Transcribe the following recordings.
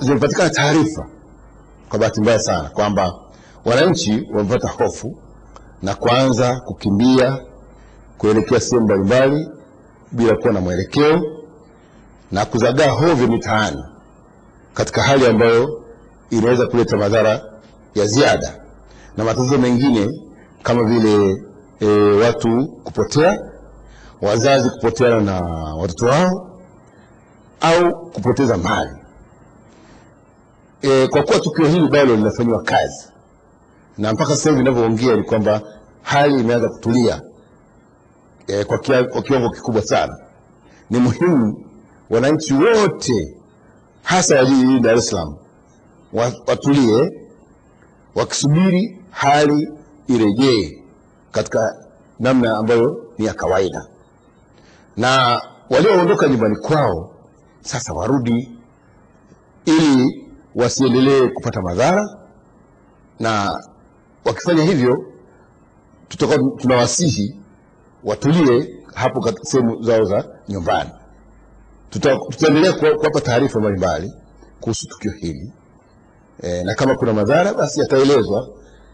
Zimepatikana taarifa kwa bahati mbaya sana kwamba wananchi wamepata hofu na kuanza kukimbia kuelekea sehemu mbalimbali bila kuwa na mwelekeo na kuzagaa hovyo mitaani katika hali ambayo inaweza kuleta madhara ya ziada na matatizo mengine kama vile e, watu kupotea, wazazi kupoteana na watoto wao au kupoteza mali e, kwa kuwa tukio hili bado linafanyiwa kazi na mpaka sasa hivi ninavyoongea ni kwamba hali imeanza kutulia e, kwa, kia, kwa kiwango kikubwa sana. Ni muhimu wananchi wote hasa wa jiji hili Dar es Salaam watulie wakisubiri hali irejee katika namna ambayo ni ya kawaida, na walioondoka nyumbani kwao sasa warudi ili wasiendelee kupata madhara, na wakifanya hivyo tutakuwa tunawasihi watulie hapo sehemu zao za nyumbani. Tutaendelea kuwapa taarifa mbalimbali kuhusu tukio hili e, na kama kuna madhara basi yataelezwa,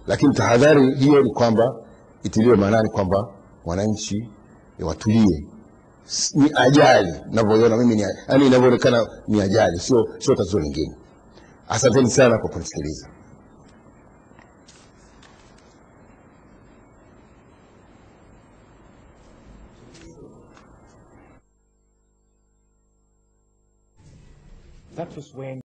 lakini tahadhari hiyo ni kwamba itiliwe maanani kwamba wananchi watulie. Ni ajali ninavyoiona mimi, yaani inavyoonekana ni ajali, sio sio tatizo lingine. Asanteni sana kwa kunisikiliza. That was when